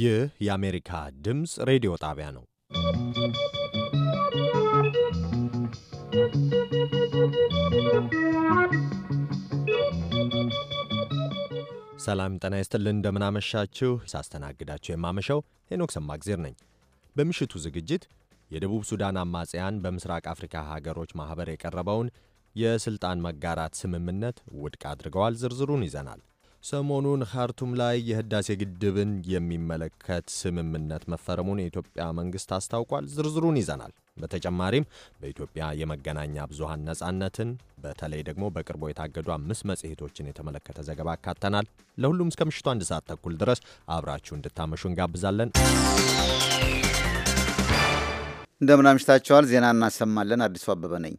ይህ የአሜሪካ ድምፅ ሬዲዮ ጣቢያ ነው። ሰላም ጤና ይስጥልን። እንደምናመሻችሁ። ሳስተናግዳችሁ የማመሸው ሄኖክ ሰማግዜር ነኝ። በምሽቱ ዝግጅት የደቡብ ሱዳን አማጽያን በምስራቅ አፍሪካ ሀገሮች ማኅበር የቀረበውን የስልጣን መጋራት ስምምነት ውድቅ አድርገዋል። ዝርዝሩን ይዘናል። ሰሞኑን ካርቱም ላይ የህዳሴ ግድብን የሚመለከት ስምምነት መፈረሙን የኢትዮጵያ መንግሥት አስታውቋል። ዝርዝሩን ይዘናል። በተጨማሪም በኢትዮጵያ የመገናኛ ብዙሃን ነጻነትን በተለይ ደግሞ በቅርቡ የታገዱ አምስት መጽሔቶችን የተመለከተ ዘገባ አካተናል። ለሁሉም እስከ ምሽቱ አንድ ሰዓት ተኩል ድረስ አብራችሁ እንድታመሹ እንጋብዛለን። እንደምን አምሽታችኋል። ዜና እናሰማለን። አዲሱ አበበ ነኝ።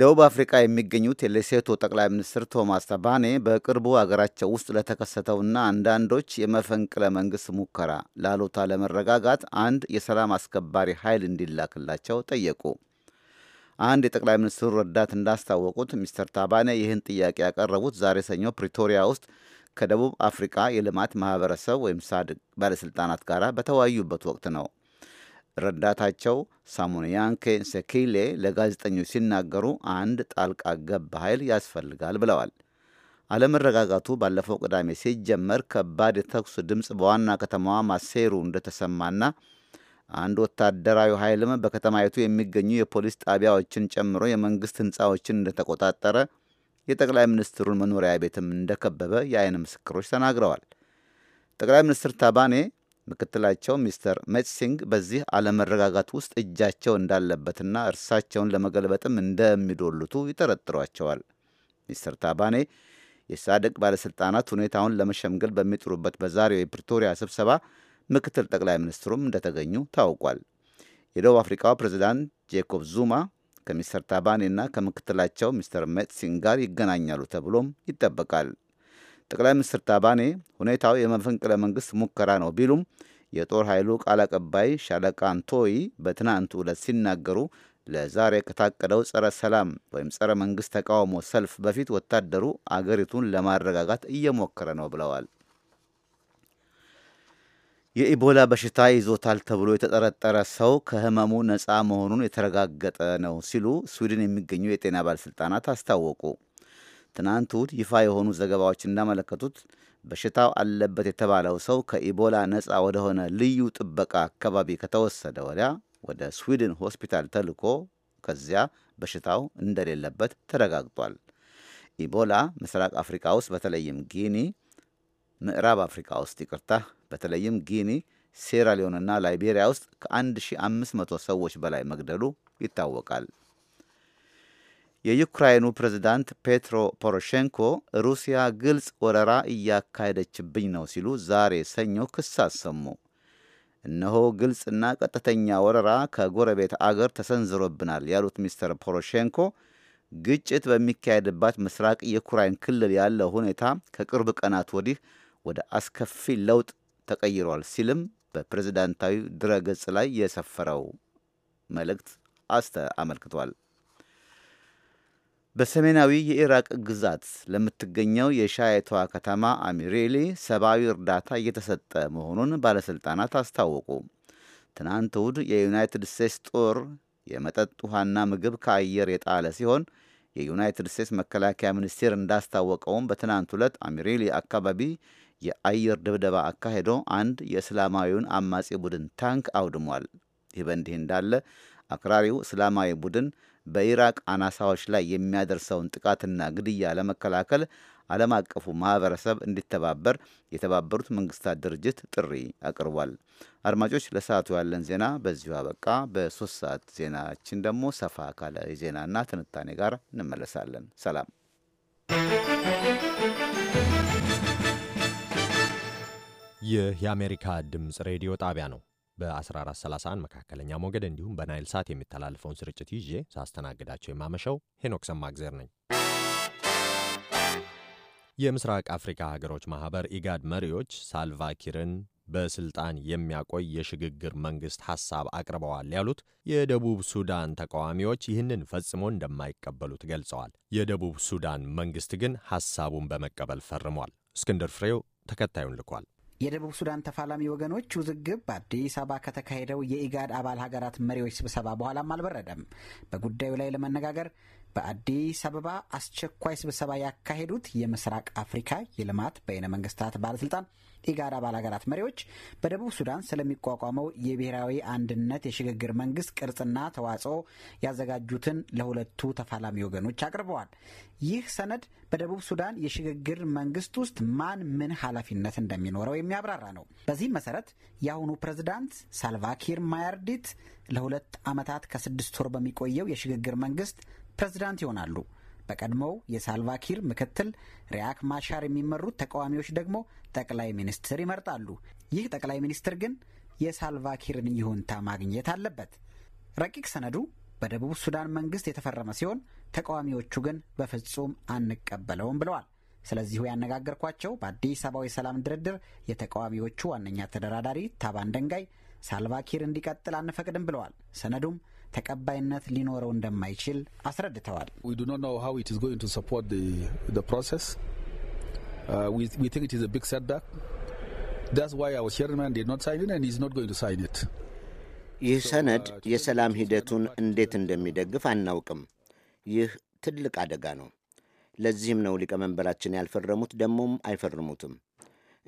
ደቡብ አፍሪካ የሚገኙት የሌሴቶ ጠቅላይ ሚኒስትር ቶማስ ታባኔ በቅርቡ አገራቸው ውስጥ ለተከሰተውና አንዳንዶች የመፈንቅለ መንግስት ሙከራ ላሉት አለመረጋጋት አንድ የሰላም አስከባሪ ኃይል እንዲላክላቸው ጠየቁ። አንድ የጠቅላይ ሚኒስትሩ ረዳት እንዳስታወቁት ሚስተር ታባኔ ይህን ጥያቄ ያቀረቡት ዛሬ ሰኞ ፕሪቶሪያ ውስጥ ከደቡብ አፍሪካ የልማት ማህበረሰብ ወይም ሳድቅ ባለሥልጣናት ጋር በተወያዩበት ወቅት ነው። ረዳታቸው ሳሙንያንኬ ሴኪሌ ለጋዜጠኞች ሲናገሩ አንድ ጣልቃ ገብ ኃይል ያስፈልጋል ብለዋል። አለመረጋጋቱ ባለፈው ቅዳሜ ሲጀመር ከባድ የተኩስ ድምፅ በዋና ከተማዋ ማሴሩ እንደተሰማና አንድ ወታደራዊ ኃይልም በከተማይቱ የሚገኙ የፖሊስ ጣቢያዎችን ጨምሮ የመንግሥት ሕንፃዎችን እንደተቆጣጠረ፣ የጠቅላይ ሚኒስትሩን መኖሪያ ቤትም እንደከበበ የአይን ምስክሮች ተናግረዋል። ጠቅላይ ሚኒስትር ታባኔ ምክትላቸው ሚስተር ሜትሲንግ በዚህ አለመረጋጋት ውስጥ እጃቸው እንዳለበትና እርሳቸውን ለመገልበጥም እንደሚዶሉቱ ይጠረጥሯቸዋል። ሚስተር ታባኔ የሳድቅ ባለሥልጣናት ሁኔታውን ለመሸምገል በሚጥሩበት በዛሬው የፕሪቶሪያ ስብሰባ ምክትል ጠቅላይ ሚኒስትሩም እንደተገኙ ታውቋል። የደቡብ አፍሪካው ፕሬዚዳንት ጄኮብ ዙማ ከሚስተር ታባኔና ከምክትላቸው ሚስተር ሜትሲንግ ጋር ይገናኛሉ ተብሎም ይጠበቃል። ጠቅላይ ሚኒስትር ታባኔ ሁኔታው የመፈንቅለ መንግስት ሙከራ ነው ቢሉም የጦር ኃይሉ ቃል አቀባይ ሻለቃ አንቶይ በትናንቱ ዕለት ሲናገሩ ለዛሬ ከታቀደው ጸረ ሰላም ወይም ጸረ መንግስት ተቃውሞ ሰልፍ በፊት ወታደሩ አገሪቱን ለማረጋጋት እየሞከረ ነው ብለዋል። የኢቦላ በሽታ ይዞታል ተብሎ የተጠረጠረ ሰው ከህመሙ ነፃ መሆኑን የተረጋገጠ ነው ሲሉ ስዊድን የሚገኙ የጤና ባለሥልጣናት አስታወቁ። ትናንት እሁድ ይፋ የሆኑ ዘገባዎች እንዳመለከቱት በሽታው አለበት የተባለው ሰው ከኢቦላ ነፃ ወደሆነ ልዩ ጥበቃ አካባቢ ከተወሰደ ወዲያ ወደ ስዊድን ሆስፒታል ተልኮ ከዚያ በሽታው እንደሌለበት ተረጋግጧል። ኢቦላ ምስራቅ አፍሪካ ውስጥ በተለይም ጊኒ፣ ምዕራብ አፍሪካ ውስጥ ይቅርታ፣ በተለይም ጊኒ፣ ሴራሊዮንና ላይቤሪያ ውስጥ ከ1500 ሰዎች በላይ መግደሉ ይታወቃል። የዩክራይኑ ፕሬዝዳንት ፔትሮ ፖሮሼንኮ ሩሲያ ግልጽ ወረራ እያካሄደችብኝ ነው ሲሉ ዛሬ ሰኞ ክስ አሰሙ። እነሆ ግልጽና ቀጥተኛ ወረራ ከጎረቤት አገር ተሰንዝሮብናል ያሉት ሚስተር ፖሮሼንኮ ግጭት በሚካሄድባት ምስራቅ የዩክራይን ክልል ያለው ሁኔታ ከቅርብ ቀናት ወዲህ ወደ አስከፊ ለውጥ ተቀይሯል ሲልም በፕሬዝዳንታዊ ድረገጽ ላይ የሰፈረው መልእክት አስተ አመልክቷል። በሰሜናዊ የኢራቅ ግዛት ለምትገኘው የሻይቷ ከተማ አሚሬሊ ሰብአዊ እርዳታ እየተሰጠ መሆኑን ባለሥልጣናት አስታወቁ። ትናንት እሁድ የዩናይትድ ስቴትስ ጦር የመጠጥ ውሃና ምግብ ከአየር የጣለ ሲሆን የዩናይትድ ስቴትስ መከላከያ ሚኒስቴር እንዳስታወቀውም በትናንት ዕለት አሚሬሊ አካባቢ የአየር ድብደባ አካሄዶ አንድ የእስላማዊውን አማጺ ቡድን ታንክ አውድሟል። ይህ በእንዲህ እንዳለ አክራሪው እስላማዊ ቡድን በኢራቅ አናሳዎች ላይ የሚያደርሰውን ጥቃትና ግድያ ለመከላከል ዓለም አቀፉ ማህበረሰብ እንዲተባበር የተባበሩት መንግስታት ድርጅት ጥሪ አቅርቧል። አድማጮች፣ ለሰዓቱ ያለን ዜና በዚሁ አበቃ። በሶስት ሰዓት ዜናችን ደግሞ ሰፋ ካለ የዜናና ትንታኔ ጋር እንመለሳለን። ሰላም። ይህ የአሜሪካ ድምፅ ሬዲዮ ጣቢያ ነው። በ1431 መካከለኛ ሞገድ እንዲሁም በናይል ሳት የሚተላለፈውን ስርጭት ይዤ ሳስተናግዳቸው የማመሸው ሄኖክ ሰማግዜር ነኝ። የምስራቅ አፍሪካ ሀገሮች ማኅበር ኢጋድ መሪዎች ሳልቫኪርን በስልጣን የሚያቆይ የሽግግር መንግሥት ሐሳብ አቅርበዋል ያሉት የደቡብ ሱዳን ተቃዋሚዎች ይህንን ፈጽሞ እንደማይቀበሉት ገልጸዋል። የደቡብ ሱዳን መንግሥት ግን ሐሳቡን በመቀበል ፈርሟል። እስክንድር ፍሬው ተከታዩን ልኳል። የደቡብ ሱዳን ተፋላሚ ወገኖች ውዝግብ በአዲስ አበባ ከተካሄደው የኢጋድ አባል ሀገራት መሪዎች ስብሰባ በኋላም አልበረደም። በጉዳዩ ላይ ለመነጋገር በአዲስ አበባ አስቸኳይ ስብሰባ ያካሄዱት የምስራቅ አፍሪካ የልማት በይነ መንግስታት ባለስልጣን ኢጋድ አባል ሀገራት መሪዎች በደቡብ ሱዳን ስለሚቋቋመው የብሔራዊ አንድነት የሽግግር መንግስት ቅርጽና ተዋጽኦ ያዘጋጁትን ለሁለቱ ተፋላሚ ወገኖች አቅርበዋል። ይህ ሰነድ በደቡብ ሱዳን የሽግግር መንግስት ውስጥ ማን ምን ኃላፊነት እንደሚኖረው የሚያብራራ ነው። በዚህም መሰረት የአሁኑ ፕሬዝዳንት ሳልቫኪር ማያርዲት ለሁለት ዓመታት ከስድስት ወር በሚቆየው የሽግግር መንግስት ፕሬዝዳንት ይሆናሉ። በቀድሞው የሳልቫኪር ምክትል ሪያክ ማሻር የሚመሩት ተቃዋሚዎች ደግሞ ጠቅላይ ሚኒስትር ይመርጣሉ። ይህ ጠቅላይ ሚኒስትር ግን የሳልቫኪርን ይሁንታ ማግኘት አለበት። ረቂቅ ሰነዱ በደቡብ ሱዳን መንግስት የተፈረመ ሲሆን ተቃዋሚዎቹ ግን በፍጹም አንቀበለውም ብለዋል። ስለዚሁ ያነጋገርኳቸው በአዲስ አበባው የሰላም ድርድር የተቃዋሚዎቹ ዋነኛ ተደራዳሪ ታባን ደንጋይ ሳልቫኪር እንዲቀጥል አንፈቅድም ብለዋል። ሰነዱም ተቀባይነት ሊኖረው እንደማይችል አስረድተዋል። uh, ይህ ሰነድ uh, የሰላም ሂደቱን እንዴት እንደሚደግፍ አናውቅም። ይህ ትልቅ አደጋ ነው። ለዚህም ነው ሊቀመንበራችን ያልፈረሙት፣ ደግሞም አይፈርሙትም።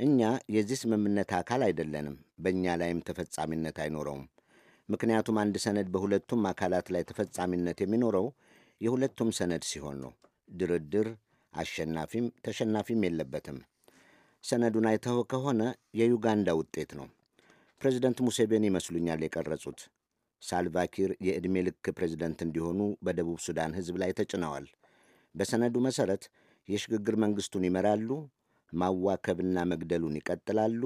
እኛ የዚህ ስምምነት አካል አይደለንም። በእኛ ላይም ተፈጻሚነት አይኖረውም። ምክንያቱም አንድ ሰነድ በሁለቱም አካላት ላይ ተፈጻሚነት የሚኖረው የሁለቱም ሰነድ ሲሆን ነው። ድርድር አሸናፊም ተሸናፊም የለበትም። ሰነዱን አይተው ከሆነ የዩጋንዳ ውጤት ነው። ፕሬዚደንት ሙሴቬኒ ይመስሉኛል የቀረጹት። ሳልቫኪር የዕድሜ ልክ ፕሬዚደንት እንዲሆኑ በደቡብ ሱዳን ሕዝብ ላይ ተጭነዋል። በሰነዱ መሠረት የሽግግር መንግሥቱን ይመራሉ፣ ማዋከብና መግደሉን ይቀጥላሉ፣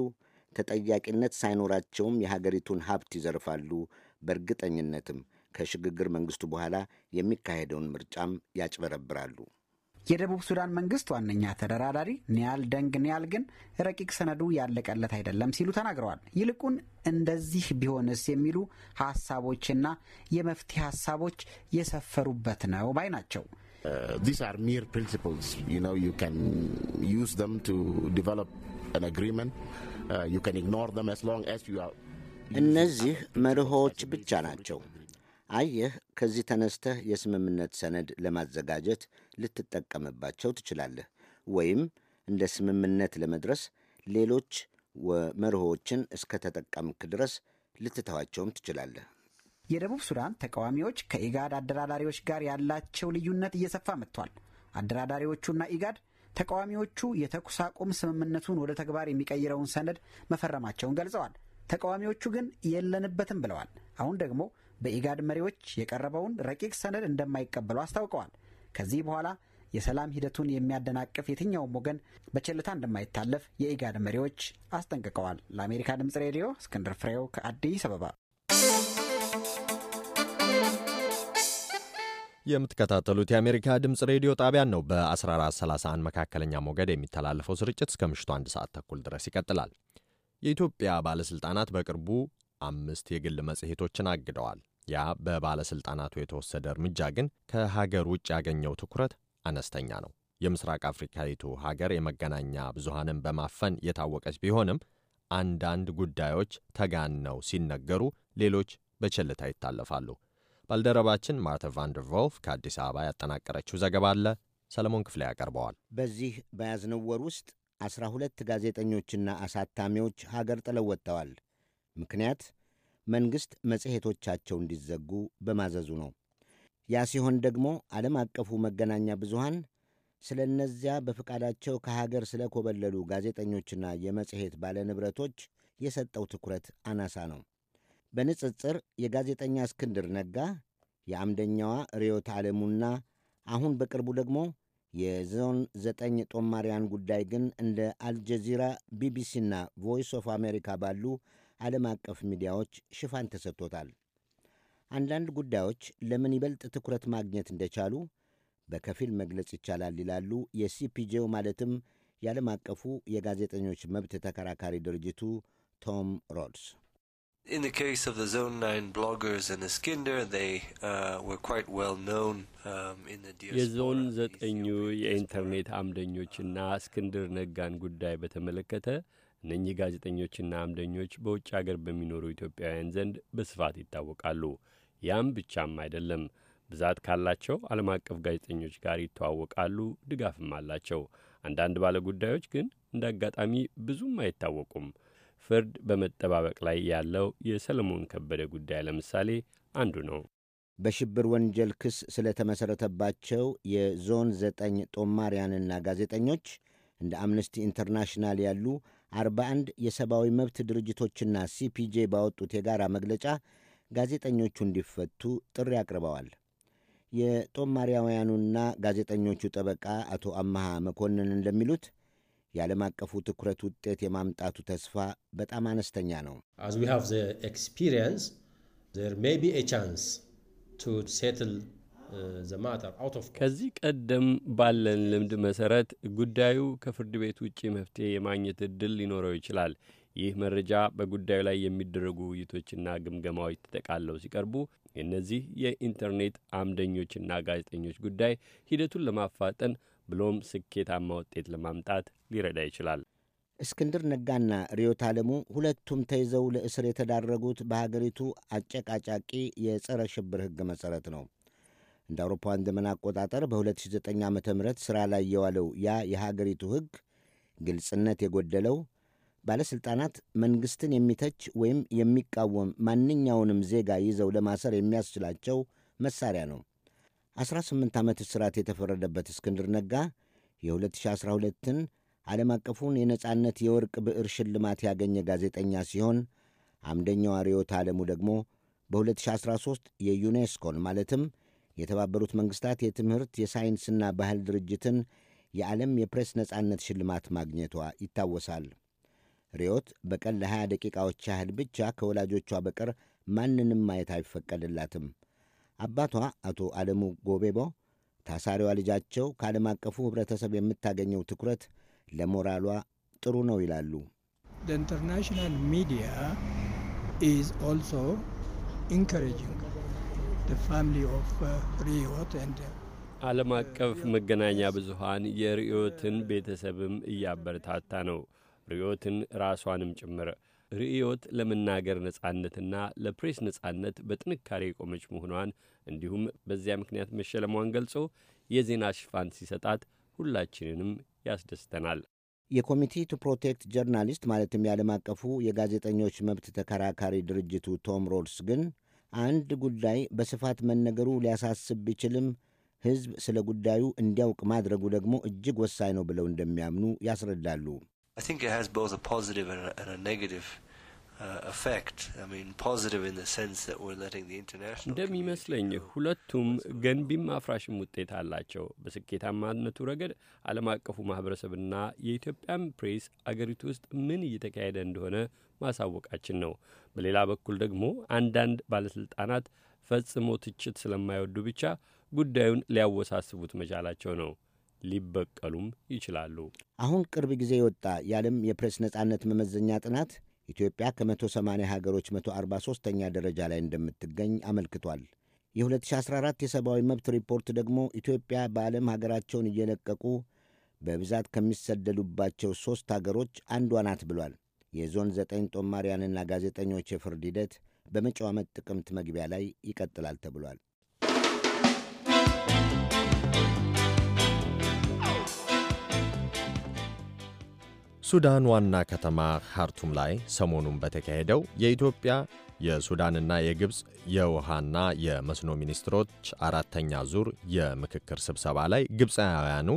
ተጠያቂነት ሳይኖራቸውም የሀገሪቱን ሀብት ይዘርፋሉ። በእርግጠኝነትም ከሽግግር መንግስቱ በኋላ የሚካሄደውን ምርጫም ያጭበረብራሉ። የደቡብ ሱዳን መንግስት ዋነኛ ተደራዳሪ ኒያል ደንግ ኒያል ግን ረቂቅ ሰነዱ ያለቀለት አይደለም ሲሉ ተናግረዋል። ይልቁን እንደዚህ ቢሆንስ የሚሉ ሀሳቦችና የመፍትሄ ሀሳቦች የሰፈሩበት ነው ባይ ናቸው። ሚር ፕሪንሲፕልስ ዩ principles you know you can use አግሪመንት Uh, እነዚህ መርሆዎች ብቻ ናቸው። አየህ፣ ከዚህ ተነስተህ የስምምነት ሰነድ ለማዘጋጀት ልትጠቀምባቸው ትችላለህ፣ ወይም እንደ ስምምነት ለመድረስ ሌሎች መርሆዎችን እስከ ተጠቀምክ ድረስ ልትተዋቸውም ትችላለህ። የደቡብ ሱዳን ተቃዋሚዎች ከኢጋድ አደራዳሪዎች ጋር ያላቸው ልዩነት እየሰፋ መጥቷል። አደራዳሪዎቹና ኢጋድ ተቃዋሚዎቹ የተኩስ አቁም ስምምነቱን ወደ ተግባር የሚቀይረውን ሰነድ መፈረማቸውን ገልጸዋል። ተቃዋሚዎቹ ግን የለንበትም ብለዋል። አሁን ደግሞ በኢጋድ መሪዎች የቀረበውን ረቂቅ ሰነድ እንደማይቀበሉ አስታውቀዋል። ከዚህ በኋላ የሰላም ሂደቱን የሚያደናቅፍ የትኛውም ወገን በቸልታ እንደማይታለፍ የኢጋድ መሪዎች አስጠንቅቀዋል። ለአሜሪካ ድምጽ ሬዲዮ እስክንድር ፍሬው ከአዲስ አበባ የምትከታተሉት የአሜሪካ ድምፅ ሬዲዮ ጣቢያን ነው። በ1431 መካከለኛ ሞገድ የሚተላለፈው ስርጭት እስከ ምሽቱ አንድ ሰዓት ተኩል ድረስ ይቀጥላል። የኢትዮጵያ ባለሥልጣናት በቅርቡ አምስት የግል መጽሔቶችን አግደዋል። ያ በባለሥልጣናቱ የተወሰደ እርምጃ ግን ከሀገር ውጭ ያገኘው ትኩረት አነስተኛ ነው። የምስራቅ አፍሪካዊቱ ሀገር የመገናኛ ብዙሃንን በማፈን የታወቀች ቢሆንም አንዳንድ ጉዳዮች ተጋነው ሲነገሩ፣ ሌሎች በቸልታ ይታለፋሉ። ባልደረባችን ማርተ ቫንደር ቮልፍ ከአዲስ አበባ ያጠናቀረችው ዘገባ አለ። ሰለሞን ክፍሌ ያቀርበዋል። በዚህ በያዝነው ወር ውስጥ አስራ ሁለት ጋዜጠኞችና አሳታሚዎች ሀገር ጥለው ወጥተዋል። ምክንያት መንግሥት መጽሔቶቻቸው እንዲዘጉ በማዘዙ ነው። ያ ሲሆን ደግሞ ዓለም አቀፉ መገናኛ ብዙሃን ስለ እነዚያ በፈቃዳቸው ከሀገር ስለ ኮበለሉ ጋዜጠኞችና የመጽሔት ባለንብረቶች የሰጠው ትኩረት አናሳ ነው። በንጽጽር የጋዜጠኛ እስክንድር ነጋ የአምደኛዋ ርዕዮት ዓለሙና አሁን በቅርቡ ደግሞ የዞን ዘጠኝ ጦማሪያን ጉዳይ ግን እንደ አልጀዚራ፣ ቢቢሲና ቮይስ ኦፍ አሜሪካ ባሉ ዓለም አቀፍ ሚዲያዎች ሽፋን ተሰጥቶታል። አንዳንድ ጉዳዮች ለምን ይበልጥ ትኩረት ማግኘት እንደቻሉ በከፊል መግለጽ ይቻላል ይላሉ የሲፒጄው ማለትም የዓለም አቀፉ የጋዜጠኞች መብት ተከራካሪ ድርጅቱ ቶም ሮድስ። In the case of the Zone 9 bloggers and Iskinder, they uh, were quite well known um, in the diaspora. የዞን ዘጠኙ የኢንተርኔት አምደኞችና እስክንድር ነጋን ጉዳይ በተመለከተ እነኚህ ጋዜጠኞችና አምደኞች በውጭ አገር በሚኖሩ ኢትዮጵያውያን ዘንድ በስፋት ይታወቃሉ። ያም ብቻም አይደለም፣ ብዛት ካላቸው ዓለም አቀፍ ጋዜጠኞች ጋር ይተዋወቃሉ፣ ድጋፍም አላቸው። አንዳንድ ባለጉዳዮች ግን እንደ አጋጣሚ ብዙም አይታወቁም። ፍርድ በመጠባበቅ ላይ ያለው የሰለሞን ከበደ ጉዳይ ለምሳሌ አንዱ ነው። በሽብር ወንጀል ክስ ተመሠረተባቸው የዞን ዘጠኝ ጦማርያንና ጋዜጠኞች እንደ አምነስቲ ኢንተርናሽናል ያሉ 41 የሰብአዊ መብት ድርጅቶችና ሲፒጄ ባወጡት የጋራ መግለጫ ጋዜጠኞቹ እንዲፈቱ ጥሪ አቅርበዋል። የጦማሪያውያኑና ጋዜጠኞቹ ጠበቃ አቶ አመሃ መኮንን እንደሚሉት የዓለም አቀፉ ትኩረት ውጤት የማምጣቱ ተስፋ በጣም አነስተኛ ነው። uh, ከዚህ ቀደም ባለን ልምድ መሰረት ጉዳዩ ከፍርድ ቤት ውጭ መፍትሄ የማግኘት እድል ሊኖረው ይችላል። ይህ መረጃ በጉዳዩ ላይ የሚደረጉ ውይይቶችና ግምገማዎች ተጠቃለው ሲቀርቡ የእነዚህ የኢንተርኔት አምደኞችና ጋዜጠኞች ጉዳይ ሂደቱን ለማፋጠን ብሎም ስኬታማ ውጤት ለማምጣት ሊረዳ ይችላል። እስክንድር ነጋና ርዕዮት ዓለሙ ሁለቱም ተይዘው ለእስር የተዳረጉት በሀገሪቱ አጨቃጫቂ የጸረ ሽብር ሕግ መሠረት ነው። እንደ አውሮፓውያን ዘመን አቆጣጠር በ2009 ዓ ም ሥራ ላይ የዋለው ያ የሀገሪቱ ሕግ ግልጽነት የጎደለው ባለሥልጣናት መንግሥትን የሚተች ወይም የሚቃወም ማንኛውንም ዜጋ ይዘው ለማሰር የሚያስችላቸው መሳሪያ ነው። 18 ዓመት እስራት የተፈረደበት እስክንድር ነጋ የ2012ን ዓለም አቀፉን የነጻነት የወርቅ ብዕር ሽልማት ያገኘ ጋዜጠኛ ሲሆን አምደኛው ርዕዮት ዓለሙ ደግሞ በ2013 የዩኔስኮን ማለትም የተባበሩት መንግሥታት የትምህርት የሳይንስና ባህል ድርጅትን የዓለም የፕሬስ ነጻነት ሽልማት ማግኘቷ ይታወሳል። ርዕዮት በቀን ለ20 ደቂቃዎች ያህል ብቻ ከወላጆቿ በቀር ማንንም ማየት አይፈቀድላትም። አባቷ አቶ አለሙ ጎቤቦ ታሳሪዋ ልጃቸው ከዓለም አቀፉ ኅብረተሰብ የምታገኘው ትኩረት ለሞራሏ ጥሩ ነው ይላሉ። ኢንተርናሽናል ሚዲያ ኢዝ ኦልሶ ኢንካሬጂንግ ፋሚሊ ኦፍ ሪዮት ኤንድ ዓለም አቀፍ መገናኛ ብዙሃን የርዮትን ቤተሰብም እያበረታታ ነው። ርዮትን ራሷንም ጭምር ርእዮት ለመናገር ነጻነትና ለፕሬስ ነጻነት በጥንካሬ የቆመች መሆኗን እንዲሁም በዚያ ምክንያት መሸለሟን ገልጾ የዜና ሽፋን ሲሰጣት ሁላችንንም ያስደስተናል። የኮሚቲ ቱ ፕሮቴክት ጀርናሊስት ማለትም የዓለም አቀፉ የጋዜጠኞች መብት ተከራካሪ ድርጅቱ ቶም ሮድስ ግን አንድ ጉዳይ በስፋት መነገሩ ሊያሳስብ ቢችልም ሕዝብ ስለ ጉዳዩ እንዲያውቅ ማድረጉ ደግሞ እጅግ ወሳኝ ነው ብለው እንደሚያምኑ ያስረዳሉ። I think it has both a positive and a, and a negative እንደሚመስለኝ ሁለቱም ገንቢም አፍራሽም ውጤት አላቸው። በስኬታማነቱ ረገድ ዓለም አቀፉ ማህበረሰብና የኢትዮጵያም ፕሬስ አገሪቱ ውስጥ ምን እየተካሄደ እንደሆነ ማሳወቃችን ነው። በሌላ በኩል ደግሞ አንዳንድ ባለስልጣናት ፈጽሞ ትችት ስለማይወዱ ብቻ ጉዳዩን ሊያወሳስቡት መቻላቸው ነው። ሊበቀሉም ይችላሉ። አሁን ቅርብ ጊዜ የወጣ የዓለም የፕሬስ ነጻነት መመዘኛ ጥናት ኢትዮጵያ ከ180 ሀገሮች 143ኛ ደረጃ ላይ እንደምትገኝ አመልክቷል። የ2014 የሰብአዊ መብት ሪፖርት ደግሞ ኢትዮጵያ በዓለም ሀገራቸውን እየለቀቁ በብዛት ከሚሰደዱባቸው ሦስት ሀገሮች አንዷ ናት ብሏል። የዞን ዘጠኝ ጦማሪያንና ጋዜጠኞች የፍርድ ሂደት በመጪው ዓመት ጥቅምት መግቢያ ላይ ይቀጥላል ተብሏል። ሱዳን ዋና ከተማ ካርቱም ላይ ሰሞኑን በተካሄደው የኢትዮጵያ የሱዳንና የግብፅ የውሃና የመስኖ ሚኒስትሮች አራተኛ ዙር የምክክር ስብሰባ ላይ ግብፃውያኑ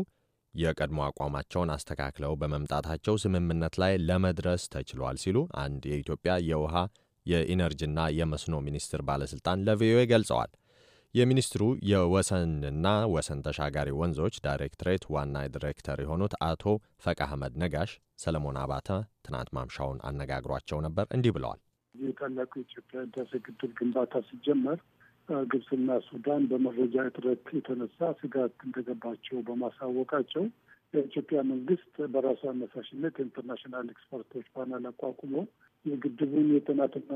የቀድሞ አቋማቸውን አስተካክለው በመምጣታቸው ስምምነት ላይ ለመድረስ ተችሏል ሲሉ አንድ የኢትዮጵያ የውሃ የኢነርጂና የመስኖ ሚኒስቴር ባለሥልጣን ለቪኦኤ ገልጸዋል። የሚኒስትሩ የወሰንና ወሰን ተሻጋሪ ወንዞች ዳይሬክትሬት ዋና ዲሬክተር የሆኑት አቶ ፈቃ አህመድ ነጋሽ ሰለሞን አባተ ትናንት ማምሻውን አነጋግሯቸው ነበር። እንዲህ ብለዋል። ይህ ታላቁ የኢትዮጵያ ህዳሴ ግድብ ግንባታ ሲጀመር ግብፅና ሱዳን በመረጃ እጥረት የተነሳ ስጋት እንደገባቸው በማሳወቃቸው የኢትዮጵያ መንግስት በራሱ አነሳሽነት የኢንተርናሽናል ኤክስፐርቶች ፓናል አቋቁሞ የግድቡን የጥናትና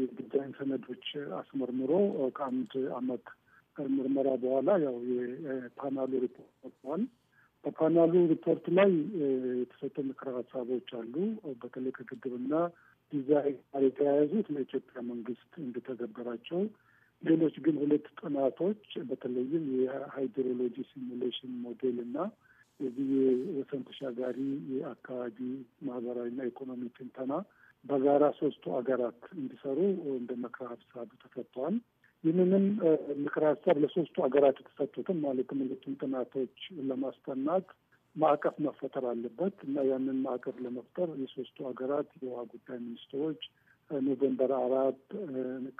የዲዛይን ሰነዶች አስመርምሮ ከአንድ አመት ምርመራ በኋላ ያው የፓናሉ ሪፖርት ወጥተዋል። በፓናሉ ሪፖርት ላይ የተሰጡ ምክረ ሀሳቦች አሉ። በተለይ ከግድብና ዲዛይን ጋር የተያያዙት ለኢትዮጵያ መንግስት እንደተገበራቸው ሌሎች ግን ሁለት ጥናቶች በተለይም የሃይድሮሎጂ ሲሙሌሽን ሞዴል እና የዚህ የወሰን ተሻጋሪ የአካባቢ ማህበራዊና ኢኮኖሚ ትንተና በጋራ ሶስቱ አገራት እንዲሰሩ እንደ ምክረ ሀሳብ ተሰጥተዋል። ይህንንም ምክረ ሀሳብ ለሶስቱ አገራት የተሰጡትም ማለትም ሁለቱም ጥናቶች ለማስጠናት ማዕቀፍ መፈጠር አለበት እና ያንን ማዕቀፍ ለመፍጠር የሶስቱ ሀገራት የውሃ ጉዳይ ሚኒስትሮች ኖቬምበር አራት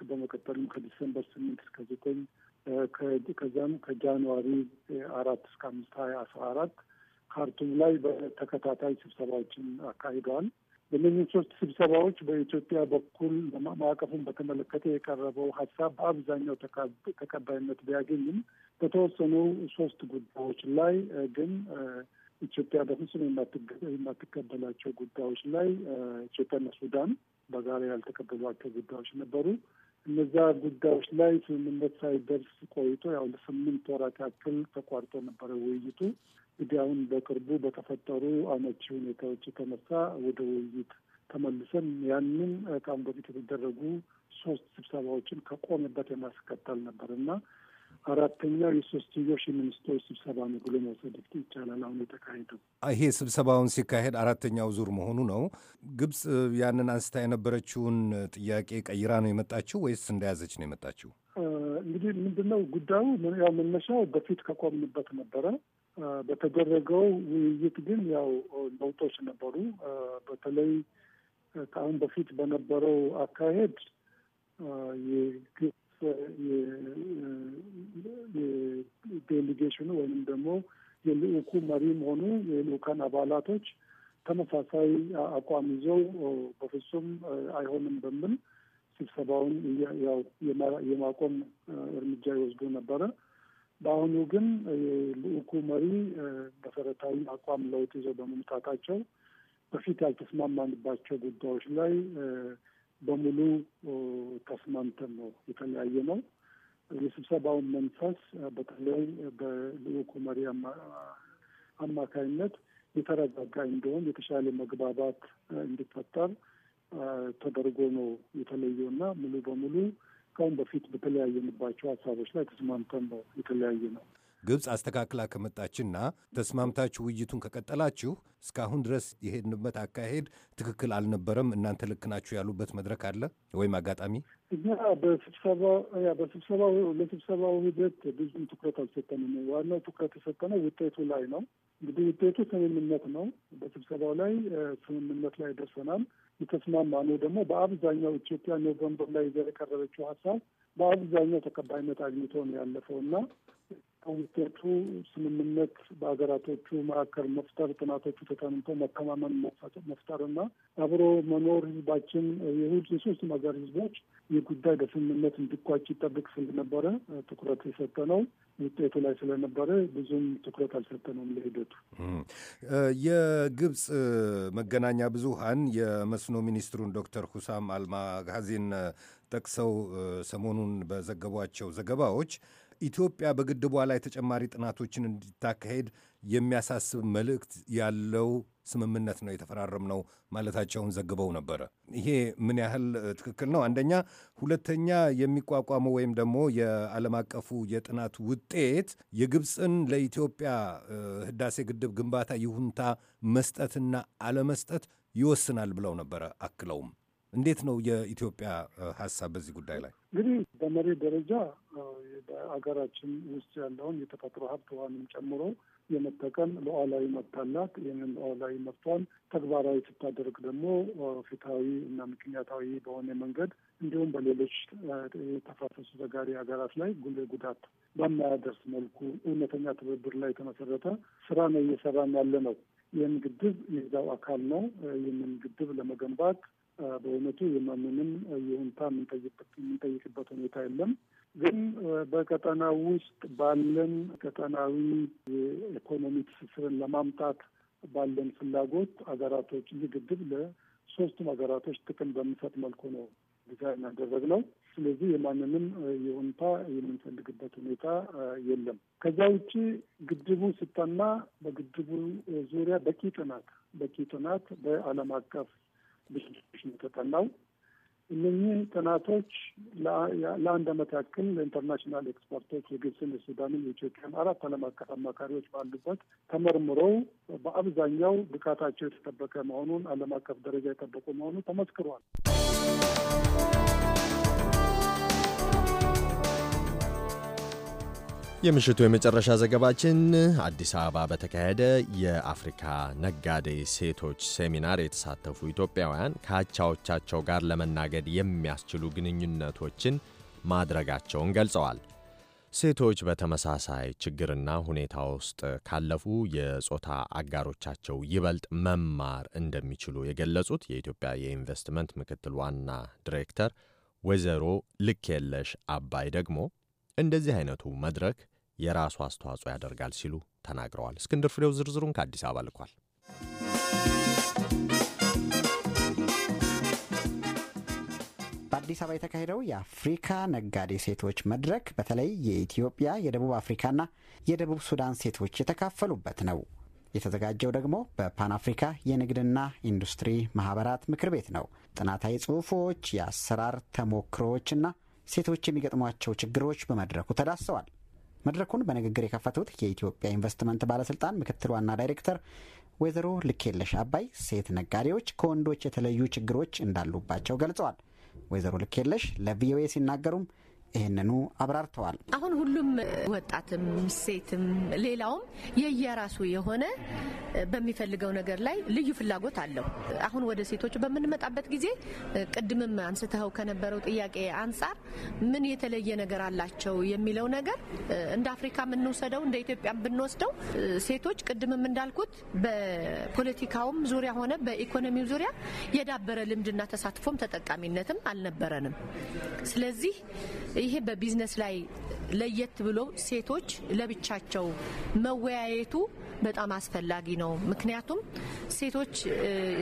በመቀጠልም ከዲሰምበር ስምንት እስከ ዘጠኝ ከዚያም ከጃንዋሪ አራት እስከ አምስት ሀያ አስራ አራት ካርቱም ላይ በተከታታይ ስብሰባዎችን አካሂደዋል። እነዚህ ሶስት ስብሰባዎች በኢትዮጵያ በኩል ማዕቀፉን በተመለከተ የቀረበው ሀሳብ በአብዛኛው ተቀባይነት ቢያገኝም በተወሰኑ ሶስት ጉዳዮች ላይ ግን ኢትዮጵያ በፍጹም የማትቀበላቸው ጉዳዮች ላይ ኢትዮጵያና ሱዳን በጋራ ያልተቀበሏቸው ጉዳዮች ነበሩ። እነዛ ጉዳዮች ላይ ስምምነት ሳይደርስ ቆይቶ ያው ለስምንት ወራት ያክል ተቋርጦ ነበረ ውይይቱ። እንግዲህ አሁን በቅርቡ በተፈጠሩ አመቺ ሁኔታዎች የተነሳ ወደ ውይይት ተመልሰን ያንን ከአሁን በፊት የተደረጉ ሶስት ስብሰባዎችን ከቆመበት የማስቀጠል ነበር እና አራተኛው የሶስትዮሽ የሚኒስትሮች ስብሰባ ነው ብሎ መውሰድ ይቻላል። አሁን የተካሄደው ይሄ ስብሰባውን ሲካሄድ አራተኛው ዙር መሆኑ ነው። ግብጽ ያንን አንስታ የነበረችውን ጥያቄ ቀይራ ነው የመጣችው ወይስ እንደያዘች ነው የመጣችው? እንግዲህ ምንድነው ጉዳዩ? ያው መነሻው በፊት ከቆምንበት ነበረ። በተደረገው ውይይት ግን ያው ለውጦች ነበሩ። በተለይ ከአሁን በፊት በነበረው አካሄድ የዴሊጌሽኑ ወይም ደግሞ የልዑኩ መሪም ሆኑ የልዑካን አባላቶች ተመሳሳይ አቋም ይዘው በፍጹም አይሆንም በሚል ስብሰባውን የማቆም እርምጃ ይወስዱ ነበረ። በአሁኑ ግን ልኡኩ መሪ መሰረታዊ አቋም ለውጥ ይዘው በመምጣታቸው በፊት ያልተስማማንባቸው ጉዳዮች ላይ በሙሉ ተስማምተን ነው የተለያየ ነው። የስብሰባውን መንፈስ በተለይ በልኡኩ መሪ አማካይነት የተረጋጋ እንዲሆን የተሻለ መግባባት እንዲፈጠር ተደርጎ ነው የተለየውና ሙሉ በሙሉ ከአሁን በፊት በተለያየንባቸው ሀሳቦች ላይ ተስማምተን ነው የተለያየ ነው። ግብፅ አስተካክላ ከመጣችና ተስማምታችሁ ውይይቱን ከቀጠላችሁ እስካሁን ድረስ የሄድንበት አካሄድ ትክክል አልነበረም፣ እናንተ ልክ ናችሁ ያሉበት መድረክ አለ ወይም አጋጣሚ? እኛ በስብሰባ ለስብሰባው ሂደት ብዙም ትኩረት አልሰጠንም። ዋናው ትኩረት የሰጠነው ውጤቱ ላይ ነው። እንግዲህ ውጤቱ ስምምነት ነው። በስብሰባው ላይ ስምምነት ላይ ደርሰናል። የተስማማ ነው ደግሞ በአብዛኛው ኢትዮጵያ ኖቨምበር ላይ ይዛ የቀረበችው ሀሳብ በአብዛኛው ተቀባይነት አግኝቶ ነው ያለፈው እና ውጤቱ ስምምነት በሀገራቶቹ መካከል መፍጠር፣ ጥናቶቹ ተጠንቶ መተማመን መፍጠርና አብሮ መኖር ህዝባችን የሁድ የሶስቱም ሀገር ህዝቦች ይህ ጉዳይ በስምምነት እንዲኳች ይጠብቅ ስለነበረ ትኩረት የሰጠ ነው። ውጤቱ ላይ ስለነበረ ብዙም ትኩረት አልሰጠነውም ለሂደቱ። የግብፅ መገናኛ ብዙሃን የመስኖ ሚኒስትሩን ዶክተር ሁሳም አልማጋዚን ጠቅሰው ሰሞኑን በዘገቧቸው ዘገባዎች ኢትዮጵያ በግድቧ ላይ ተጨማሪ ጥናቶችን እንዲታካሄድ የሚያሳስብ መልእክት ያለው ስምምነት ነው የተፈራረምነው ማለታቸውን ዘግበው ነበረ። ይሄ ምን ያህል ትክክል ነው? አንደኛ። ሁለተኛ የሚቋቋመው ወይም ደግሞ የዓለም አቀፉ የጥናት ውጤት የግብፅን ለኢትዮጵያ ህዳሴ ግድብ ግንባታ ይሁንታ መስጠትና አለመስጠት ይወስናል ብለው ነበረ አክለውም እንዴት ነው የኢትዮጵያ ሀሳብ በዚህ ጉዳይ ላይ? እንግዲህ በመሬት ደረጃ በሀገራችን ውስጥ ያለውን የተፈጥሮ ሀብት ውሃንም ጨምሮ የመጠቀም ሉዓላዊ መብት አላት። ይህንን ሉዓላዊ መብቷን ተግባራዊ ስታደርግ ደግሞ ፍትሐዊ እና ምክንያታዊ በሆነ መንገድ እንዲሁም በሌሎች የተፋሰሱ ተጋሪ ሀገራት ላይ ጉልህ ጉዳት በማያደርስ መልኩ እውነተኛ ትብብር ላይ የተመሰረተ ስራ ነው እየሰራን ያለ ነው። ይህን ግድብ የዛው አካል ነው። ይህንን ግድብ ለመገንባት በእውነቱ የማንንም ይሁንታ የምንጠይቅበት ሁኔታ የለም። ግን በቀጠና ውስጥ ባለን ቀጠናዊ የኢኮኖሚ ትስስርን ለማምጣት ባለን ፍላጎት ሀገራቶች ይህ ግድብ ለሶስቱም ሀገራቶች ጥቅም በሚሰጥ መልኩ ነው ዲዛይን ያደረግነው። ስለዚህ የማንንም ይሁንታ የምንፈልግበት ሁኔታ የለም። ከዚያ ውጭ ግድቡ ስጠና በግድቡ ዙሪያ በቂ ጥናት በቂ ጥናት በዓለም አቀፍ ድርጅቶች ነው የተጠናው። እነኚህ ጥናቶች ለአንድ አመት ያክል ለኢንተርናሽናል ኤክስፐርቶች የግብፅን፣ የሱዳንን፣ የኢትዮጵያን አራት ዓለም አቀፍ አማካሪዎች ባሉበት ተመርምረው በአብዛኛው ብቃታቸው የተጠበቀ መሆኑን ዓለም አቀፍ ደረጃ የጠበቁ መሆኑ ተመስክሯል። የምሽቱ የመጨረሻ ዘገባችን አዲስ አበባ በተካሄደ የአፍሪካ ነጋዴ ሴቶች ሴሚናር የተሳተፉ ኢትዮጵያውያን ከአቻዎቻቸው ጋር ለመናገድ የሚያስችሉ ግንኙነቶችን ማድረጋቸውን ገልጸዋል። ሴቶች በተመሳሳይ ችግርና ሁኔታ ውስጥ ካለፉ የጾታ አጋሮቻቸው ይበልጥ መማር እንደሚችሉ የገለጹት የኢትዮጵያ የኢንቨስትመንት ምክትል ዋና ዲሬክተር ወይዘሮ ልክ የለሽ አባይ ደግሞ እንደዚህ አይነቱ መድረክ የራሱ አስተዋጽኦ ያደርጋል ሲሉ ተናግረዋል። እስክንድር ፍሬው ዝርዝሩን ከአዲስ አበባ ልኳል። በአዲስ አበባ የተካሄደው የአፍሪካ ነጋዴ ሴቶች መድረክ በተለይ የኢትዮጵያ፣ የደቡብ አፍሪካና የደቡብ ሱዳን ሴቶች የተካፈሉበት ነው። የተዘጋጀው ደግሞ በፓን አፍሪካ የንግድና ኢንዱስትሪ ማህበራት ምክር ቤት ነው። ጥናታዊ ጽሁፎች፣ የአሰራር ተሞክሮዎችና ሴቶች የሚገጥሟቸው ችግሮች በመድረኩ ተዳሰዋል። መድረኩን በንግግር የከፈቱት የኢትዮጵያ ኢንቨስትመንት ባለስልጣን ምክትል ዋና ዳይሬክተር ወይዘሮ ልኬለሽ አባይ ሴት ነጋዴዎች ከወንዶች የተለዩ ችግሮች እንዳሉባቸው ገልጸዋል። ወይዘሮ ልኬለሽ ለቪኦኤ ሲናገሩም ይህንኑ አብራርተዋል። አሁን ሁሉም ወጣትም ሴትም ሌላውም የየራሱ የሆነ በሚፈልገው ነገር ላይ ልዩ ፍላጎት አለው። አሁን ወደ ሴቶች በምንመጣበት ጊዜ ቅድምም አንስተኸው ከነበረው ጥያቄ አንጻር ምን የተለየ ነገር አላቸው የሚለው ነገር እንደ አፍሪካ የምንወስደው እንደ ኢትዮጵያ ብንወስደው ሴቶች ቅድምም እንዳልኩት በፖለቲካውም ዙሪያ ሆነ በኢኮኖሚው ዙሪያ የዳበረ ልምድና ተሳትፎም ተጠቃሚነትም አልነበረንም። ስለዚህ ይሄ በቢዝነስ ላይ ለየት ብሎ ሴቶች ለብቻቸው መወያየቱ በጣም አስፈላጊ ነው። ምክንያቱም ሴቶች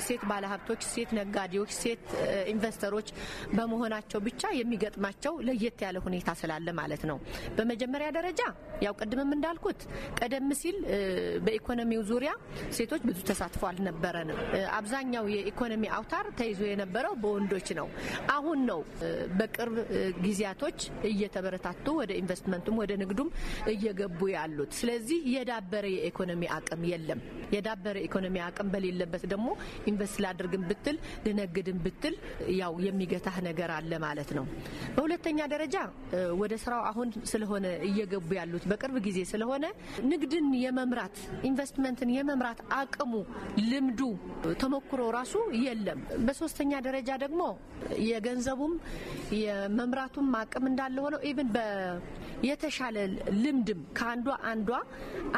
ሴት ባለሀብቶች፣ ሴት ነጋዴዎች፣ ሴት ኢንቨስተሮች በመሆናቸው ብቻ የሚገጥማቸው ለየት ያለ ሁኔታ ስላለ ማለት ነው። በመጀመሪያ ደረጃ ያው ቅድምም እንዳልኩት ቀደም ሲል በኢኮኖሚው ዙሪያ ሴቶች ብዙ ተሳትፎ አልነበረንም። አብዛኛው የኢኮኖሚ አውታር ተይዞ የነበረው በወንዶች ነው። አሁን ነው በቅርብ ጊዜያቶች እየተበረታቱ ወደ ኢንቨስትመንቱም ወደ ንግዱም እየገቡ ያሉት። ስለዚህ የዳበረ የኢኮኖሚ የኢኮኖሚ አቅም የለም። የዳበረ ኢኮኖሚ አቅም በሌለበት ደግሞ ኢንቨስት ላድርግን ብትል ልነግድን ብትል ያው የሚገታህ ነገር አለ ማለት ነው። በሁለተኛ ደረጃ ወደ ስራው አሁን ስለሆነ እየገቡ ያሉት በቅርብ ጊዜ ስለሆነ ንግድን የመምራት ኢንቨስትመንትን የመምራት አቅሙ፣ ልምዱ፣ ተሞክሮ ራሱ የለም። በሶስተኛ ደረጃ ደግሞ የገንዘቡም የመምራቱም አቅም እንዳለ ሆነው ኢቭን የተሻለ ልምድም ከአንዷ አንዷ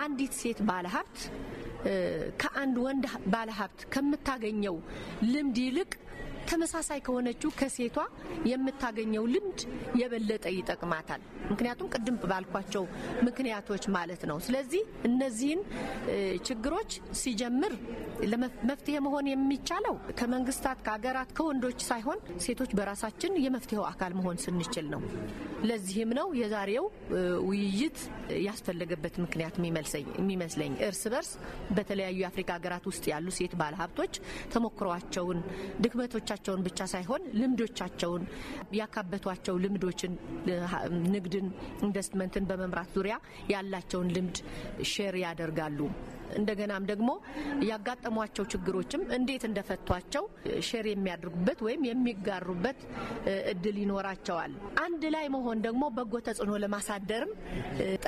አንዲት ሴት ባለ ባለሀብት ከአንድ ወንድ ባለሀብት ከምታገኘው ልምድ ይልቅ ተመሳሳይ ከሆነችው ከሴቷ የምታገኘው ልምድ የበለጠ ይጠቅማታል። ምክንያቱም ቅድም ባልኳቸው ምክንያቶች ማለት ነው። ስለዚህ እነዚህን ችግሮች ሲጀምር መፍትሄ መሆን የሚቻለው ከመንግስታት፣ ከሀገራት፣ ከወንዶች ሳይሆን ሴቶች በራሳችን የመፍትሄው አካል መሆን ስንችል ነው። ለዚህም ነው የዛሬው ውይይት ያስፈለገበት ምክንያት የሚመስለኝ እርስ በርስ በተለያዩ የአፍሪካ ሀገራት ውስጥ ያሉ ሴት ባለሀብቶች ተሞክሯቸውን ድክመቶች እውቀቶቻቸውን ብቻ ሳይሆን ልምዶቻቸውን ያካበቷቸው ልምዶችን ንግድን ኢንቨስትመንትን በመምራት ዙሪያ ያላቸውን ልምድ ሼር ያደርጋሉ። እንደገናም ደግሞ ያጋጠሟቸው ችግሮችም እንዴት እንደፈቷቸው ሼር የሚያደርጉበት ወይም የሚጋሩበት እድል ይኖራቸዋል። አንድ ላይ መሆን ደግሞ በጎ ተጽዕኖ ለማሳደርም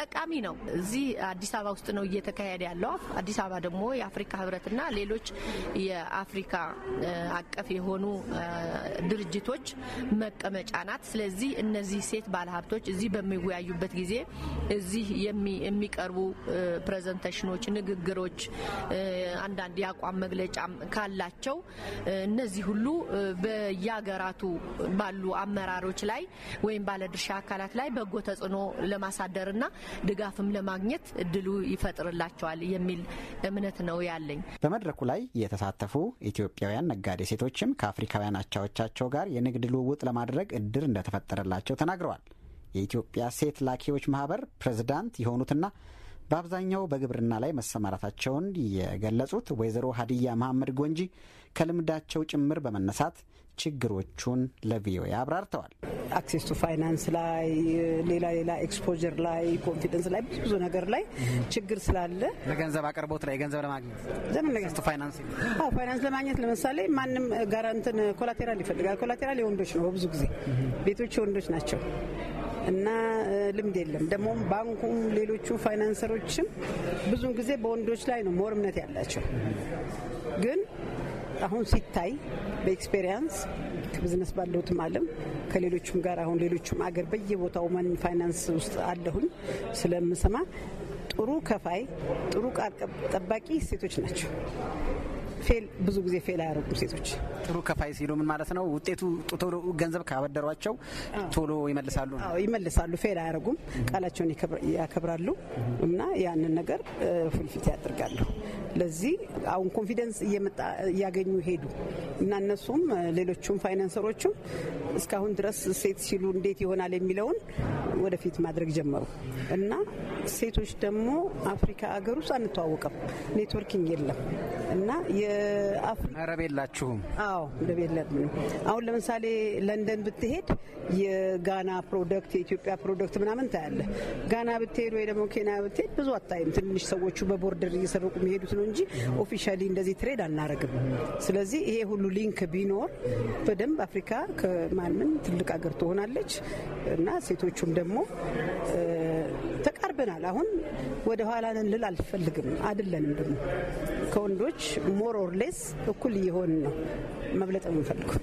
ጠቃሚ ነው። እዚህ አዲስ አበባ ውስጥ ነው እየተካሄደ ያለው። አዲስ አበባ ደግሞ የአፍሪካ ህብረትና ሌሎች የአፍሪካ አቀፍ የሆኑ ድርጅቶች መቀመጫ ናት። ስለዚህ እነዚህ ሴት ባለሀብቶች እዚህ በሚወያዩበት ጊዜ እዚህ የሚቀርቡ ፕሬዘንቴሽኖች፣ ንግግር ንግግሮች፣ አንዳንድ የአቋም መግለጫ ካላቸው እነዚህ ሁሉ በየሀገራቱ ባሉ አመራሮች ላይ ወይም ባለድርሻ አካላት ላይ በጎ ተጽዕኖ ለማሳደርና ድጋፍም ለማግኘት እድሉ ይፈጥርላቸዋል የሚል እምነት ነው ያለኝ። በመድረኩ ላይ የተሳተፉ ኢትዮጵያውያን ነጋዴ ሴቶችም ከአፍሪካውያን አቻዎቻቸው ጋር የንግድ ልውውጥ ለማድረግ እድር እንደተፈጠረላቸው ተናግረዋል። የኢትዮጵያ ሴት ላኪዎች ማህበር ፕሬዝዳንት የሆኑትና በአብዛኛው በግብርና ላይ መሰማራታቸውን የገለጹት ወይዘሮ ሀዲያ መሐመድ ጎንጂ ከልምዳቸው ጭምር በመነሳት ችግሮቹን ለቪኦኤ አብራርተዋል። አክሴስ ቱ ፋይናንስ ላይ ሌላ ሌላ ኤክስፖጀር ላይ ኮንፊደንስ ላይ ብዙ ነገር ላይ ችግር ስላለ ለገንዘብ አቅርቦት ላይ ገንዘብ ለማግኘት ፋይናንስ ለማግኘት ለምሳሌ ማንም ጋራንትን ኮላቴራል ይፈልጋል። ኮላቴራል የወንዶች ነው። በብዙ ጊዜ ቤቶች የወንዶች ናቸው። እና ልምድ የለም። ደግሞም ባንኩም ሌሎቹ ፋይናንሰሮችም ብዙን ጊዜ በወንዶች ላይ ነው ሞር እምነት ያላቸው ግን አሁን ሲታይ በኤክስፔሪንስ ብዝነስ ባለሁትም ዓለም ከሌሎቹም ጋር አሁን ሌሎቹም አገር በየቦታው መን ፋይናንስ ውስጥ አለሁኝ ስለምሰማ ጥሩ ከፋይ ጥሩ ቃል ጠባቂ ሴቶች ናቸው። ፌል ብዙ ጊዜ ፌል አያደርጉም ሴቶች። ጥሩ ከፋይ ሲሉ ምን ማለት ነው? ውጤቱ ቶሎ ገንዘብ ካበደሯቸው ቶሎ ይመልሳሉ ይመልሳሉ። ፌል አያደርጉም፣ ቃላቸውን ያከብራሉ እና ያንን ነገር ፍልፊት ያደርጋሉ። ለዚህ አሁን ኮንፊደንስ እያገኙ ሄዱ እና እነሱም ሌሎቹም ፋይናንሰሮቹም እስካሁን ድረስ ሴት ሲሉ እንዴት ይሆናል የሚለውን ወደፊት ማድረግ ጀመሩ እና ሴቶች ደግሞ አፍሪካ ሀገር ውስጥ አንተዋወቅም፣ ኔትወርኪንግ የለም እና መረብ የላችሁም። አዎ የለብንም። አሁን ለምሳሌ ለንደን ብትሄድ የጋና ፕሮደክት የኢትዮጵያ ፕሮደክት ምናምን ታያለ። ጋና ብትሄድ ወይ ደግሞ ኬንያ ብትሄድ ብዙ አታይም። ትንሽ ሰዎቹ በቦርደር እየሰረቁ የሚሄዱት ነው እንጂ ኦፊሻሊ እንደዚህ ትሬድ አናረግም። ስለዚህ ይሄ ሁሉ ሊንክ ቢኖር በደንብ አፍሪካ ከማንም ትልቅ አገር ትሆናለች እና ሴቶቹም ደግሞ ተቃርበናል። አሁን ወደ ኋላ ልል አልፈልግም፣ አይደለንም ደግሞ ከወንዶች ሞር ኦር ሌስ እኩል እየሆን ነው። መብለጥ የምንፈልገው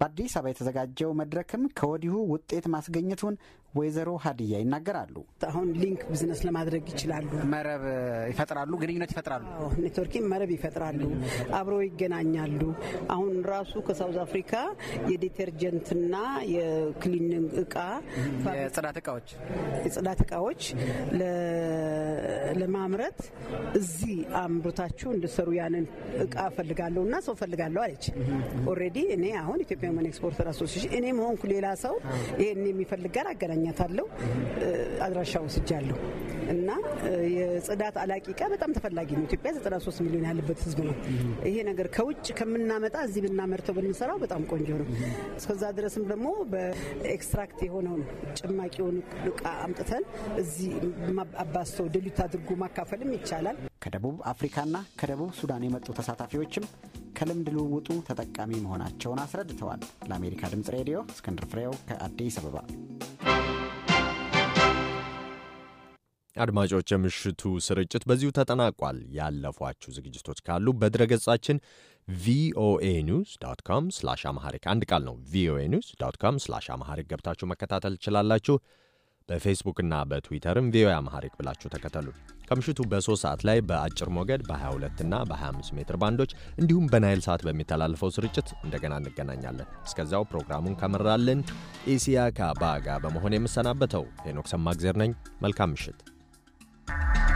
በአዲስ አበባ የተዘጋጀው መድረክም ከወዲሁ ውጤት ማስገኘቱን ወይዘሮ ሀዲያ ይናገራሉ። አሁን ሊንክ ቢዝነስ ለማድረግ ይችላሉ። መረብ ይፈጥራሉ፣ ግንኙነት ይፈጥራሉ፣ ኔትወርኪንግ መረብ ይፈጥራሉ፣ አብረው ይገናኛሉ። አሁን ራሱ ከሳውዝ አፍሪካ የዲተርጀንትና የክሊኒንግ እቃ የጽዳት እቃዎች የጽዳት እቃዎች ለማምረት እዚህ አምርታችሁ እንድሰሩ ያንን እቃ ፈልጋለሁ እና ሰው ፈልጋለሁ አለች። ኦልሬዲ እኔ አሁን ኢትዮጵያ ዩማን ኤክስፖርተር አሶሲሽን እኔም ሆንኩ ሌላ ሰው ይህን የሚፈልግ ጋር አገናኛታለሁ። አድራሻ ወስጃለሁ። እና የጽዳት አላቂ እቃ በጣም ተፈላጊ ነው። ኢትዮጵያ 93 ሚሊዮን ያለበት ህዝብ ነው። ይሄ ነገር ከውጭ ከምናመጣ እዚህ ብናመርተው ብንሰራው በጣም ቆንጆ ነው። እስከዛ ድረስም ደግሞ በኤክስትራክት የሆነውን ጭማቂውን እቃ አምጥተን እዚህ አባስተው ድሉት አድርጎ ማካፈልም ይቻላል። ከደቡብ አፍሪካና ከደቡብ ሱዳን የመጡ ተሳታፊዎችም ከልምድ ልውውጡ ተጠቃሚ መሆናቸውን አስረድተዋል። ለአሜሪካ ድምፅ ሬዲዮ እስክንድር ፍሬው ከአዲስ አበባ አድማጮች፣ የምሽቱ ስርጭት በዚሁ ተጠናቋል። ያለፏችሁ ዝግጅቶች ካሉ በድረገጻችን ቪኦኤ ኒውስ ዶት ኮም ስላሽ አማሐሪክ አንድ ቃል ነው። ቪኦኤ ኒውስ ዶት ኮም ስላሽ አማሐሪክ ገብታችሁ መከታተል ትችላላችሁ። በፌስቡክና በትዊተርም ቪኦኤ አማሐሪክ ብላችሁ ተከተሉ። ከምሽቱ በሶስት ሰዓት ላይ በአጭር ሞገድ በ22 እና በ25 ሜትር ባንዶች እንዲሁም በናይል ሰዓት በሚተላለፈው ስርጭት እንደገና እንገናኛለን። እስከዚያው ፕሮግራሙን ከመራልን ኢሲያ ባጋ በመሆን የምሰናበተው ሄኖክ ሰማግዜር ነኝ። መልካም ምሽት። Bye.